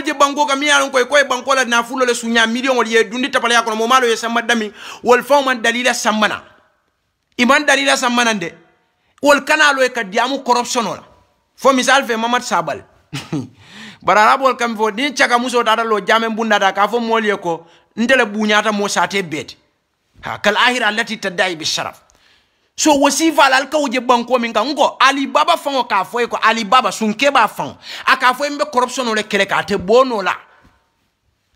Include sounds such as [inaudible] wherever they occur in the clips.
moolu je banko ka miŋ a ko e ko banko la naafulo le sunya million li ye dundi tapalaya kono moomaa lo ye samba damiŋ wolu faŋo man dalila sambana iman dalila sammana de wolu kanalo e ka diyaamu corruptiono la fo misal fe mamad sabal [laughs] barara bol kam fo niŋ chaka muso taata lo bunda da ka fo mol ye ko ndele le buuñaata moo bet ha kal ahira allati bi sharaf so wasifa la alka je banko min kan ko alibaba fango k'a fɔ ye ko alibaba sunke b'a fan a k'a fɔ ye n bɛ corruption le kɛlɛ kɛ a tɛ bɔ n'o la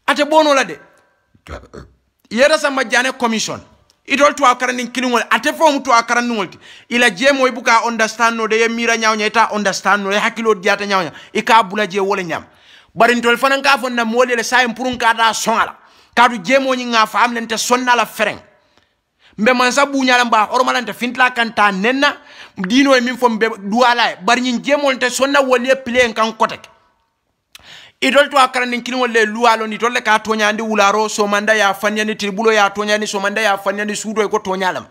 a tɛ bɔ n'o la dɛ yɛrɛ sama janɛ commission idol to a karandin kiliŋol ate fowmu to a karandinŋol ti ila jeemo i buka understand no de ye mira ñawña ita understand no ye hakkilo diyata ñawña i ka bula je wole ñam bari ntol fanan ka fo na moolu le sayin e pour n ka da soŋa la kaatu jeemoñi ŋa faam len te sonna la fereŋ mbe man mansa buñala mba horomalante fintla kanta nenna dino e min fo mbe duwala bari ñin jemol te sonna woliye pile en kan koteke idol to akarani kiliŋol le luwalo ni tolle ka toñandi wularo manda ya fanyani tribulo ya toñani manda ya fanyani suudo e ko toñalam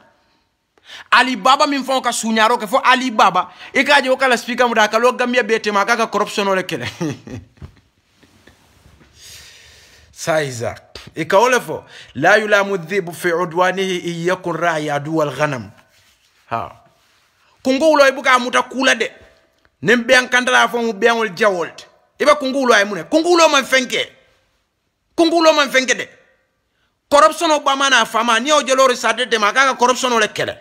ali baba min fon ka suñaro ke fo ali baba e ka je wo kala speaker mu da kalo gambia bete betema kaka corruption ole kele [laughs] saizak ikawole fo la yulamu dhibu fi udwanihi iyakun raya ra'i aduwal ghanam ha ulo ibuka amuta kula de nem ben kandala fo mu benol jawolte ibe kungulo ay mune kungulo man fenke kungulo man fenke de corruption o bamana fama ni o jolori sadde de makaka corruption o le kele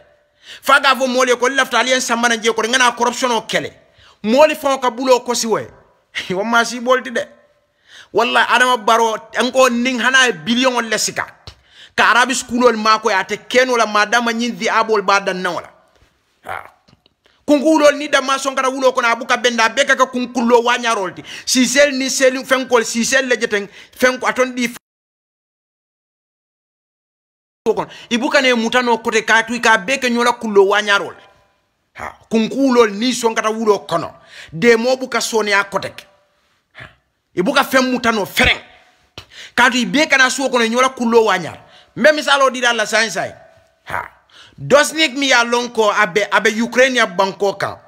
faga fo mole ko lafta alien sambana je ko ngana corruption o kele mole fo ka bulo ko siwe [laughs] wo ma si bolti de walla adama baro anko ning hana billion le sika ka arabi schoolol mako ate kenola madama nyindi abol badan nawla ha kunkulol ni dama sonkara wulo kono abuka benda beka ka kunkullo wanyarolti si sel ni sel fenkol si sel le jeteng fenko aton di kono ibuka ne mutano kote katu ka beke nyola kullo wanyarol ha kunkulol ni sonkata wulo kono de mobuka sonia kotek i buka feŋ muta no fereŋ kaatu i kana suo kono nyola kulo kulloo waa ñaar mbe misaaloo dida la sayin sayin ha dosnik mi ya lonko abe abe a be a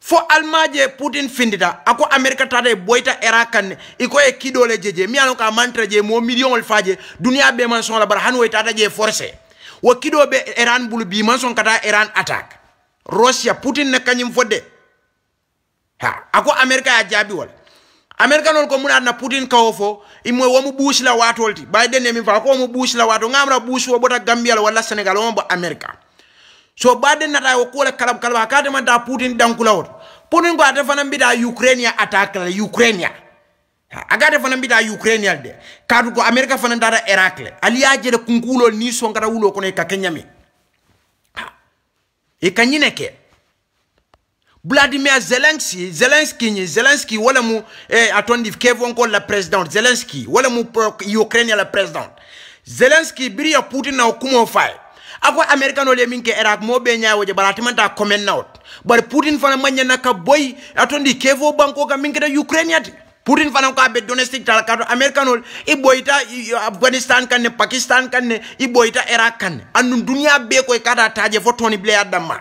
fo almaje putin findida ako amerika tata e boyta era kanne iko e kidole jeje mi ano ka mantra je mo million faje dunia be man son la bar hanwo e tata je forcé wo kido be iran bulu bi man son kata iran attack russia putin ne kanyim fodde ha ako amerika ya jabi wala amerika nol ko munaatna putin kawo fo imo womo buusila watol ti biden e fa ko womo buusila wato ngamra bush wo bota gambia la wala senegal wo bo america so biden nata o kuola kalab kalaba manda putin wot putin ko ate fana mbita ukraine ya attack la ukraine ya agate fana mbita ukraine ya de kaatu ko america fana data eracle aliya de kunkuulol ni so ngara wulo ko ne ka keñami e kanyine ke Vladimir Zelensky Zelensky ni Zelensky wala mu eh, atondi encore la president Zelensky wala mu Ukraine la president Zelensky biri ya Putin na okumo fai ako americano le minke iraq mo be nyawo je balati man comment note bar putin fana manya na ka boy atondi kevo banko ka minke da ukraine ati putin fana ka be domestic tal ka americano i boyta afghanistan kan ne pakistan kan ne i boyta iraq kan anu dunia be ko kada taje fo toni ble adamma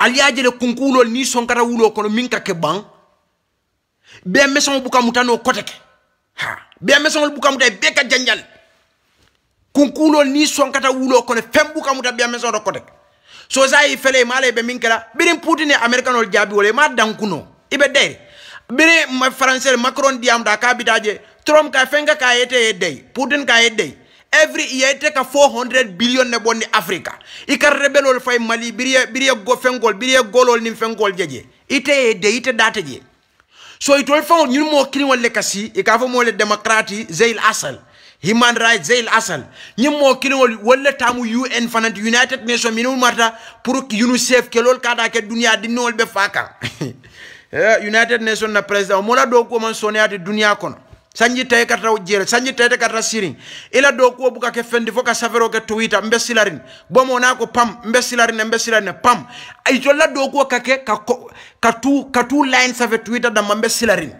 aliaje le kunkuulol ni sonkata wulo kono min ka ke ban be mesoŋol buka mutano kote ke ha be mesoŋol buka muta be ka janjal kunkuulol ni sonkata wulo kono fem buka muta be mesoŋoto kote ke so sa yi fele ma le be min kela birin putin americanol jaabi wala ma dankuno ibe deyre ma français macron diyam da ka bitaje trom ka fenka ka yete ye dey putin ka ye dey every year ite ka 400 billion ne bonni africa i ka rebelol fay mali biriye biriye go fengol biriye golol nin fengol jeje ite de ite data je so itol fawo ñun mo kini wal kasi e ka fo mo le démocrate zeil asal human rights zeil asal ñun mo kini wal wala tamu un fanant united nations minul marta pour unicef ke lol kada ke dunia dinol be faka [laughs] eh, united nations na president mo la do ko man soniyati dunia kono sanjitaye katata ujjere sanjitayete katata sirin ila dokuwo buka ke fendi fo ka safero ke tuwita mbe silarin bomo nako pam mbe silarin mbe silarin pam ito icolla dokuwo kake katu katu line safe tuwita damma mbe silarin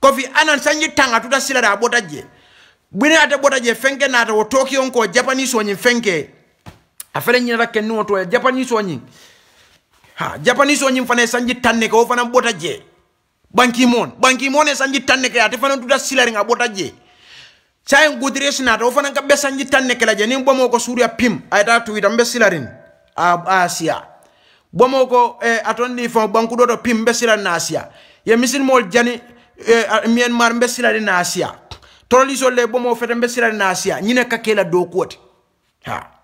kofi anan sanji tanga tuta silari abota je bwine ate bota je fenke nata watoki onko wa japanese wanyin fenke afele nyinata kenni wo to japanese wonyin ha japanese wanyin fana sanji tanne kwa ufana bota je banki mon banki mon e sanji tanne ke Te fana duda silari nga bota je chay ngudire sinata o fana ka be sanji tanne ke la je mbwa bomo suri ya pim ayta tuwita mbe silarin a asiya bomo ko eh, atondi fa banku doto pim mbe silarin Asia. ye misil mol jani eh, myanmar mbe Asia. Toro liso le mbwa fete mbe silarin asiya nyine ka kela do kuote Haa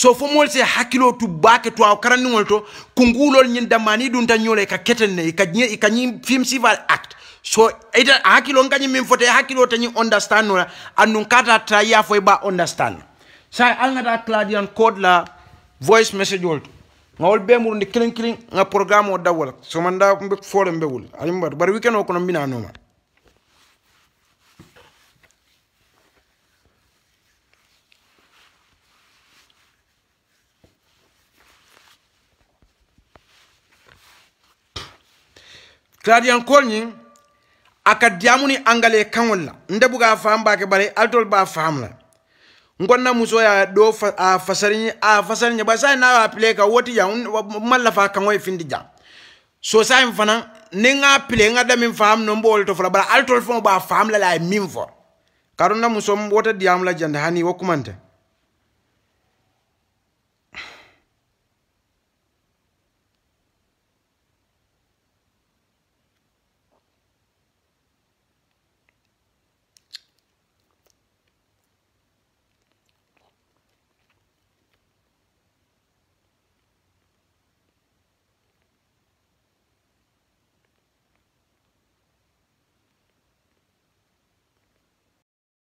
so fo moolu se hakkiloo tu baake to a karandiŋol to kunguulol ñiŋ dammaani dunta ñoo la i ka keten ne i ka ñiŋ film sival act so ita a hakkiloo nka ñiŋ miŋ fota i hakkiloo te ñiŋ understand no la aduŋ ka ta tara i ye a fo i be a understand saayi ali ŋa taa claudian code la voice message ol to ŋa wolu bee murundi kiliŋ kiliŋ ŋa programme o dawo la somanda mbe fo le mbe wuli alimbar bari weekend o kono mbina nooma tadi encore ñi aka diamuni angale kanwol la nde buga faham ke bare altol ba famla la ngonna muso ya do fa, a fasarin a fasarin ba sai na appelé ka woti ya malla fa kanwo findi ja so sai fana ne nga appelé nga da min fam no mbol to fala bara altol fo ba famla la la min fo karonna muso wota diam jande hani wakumante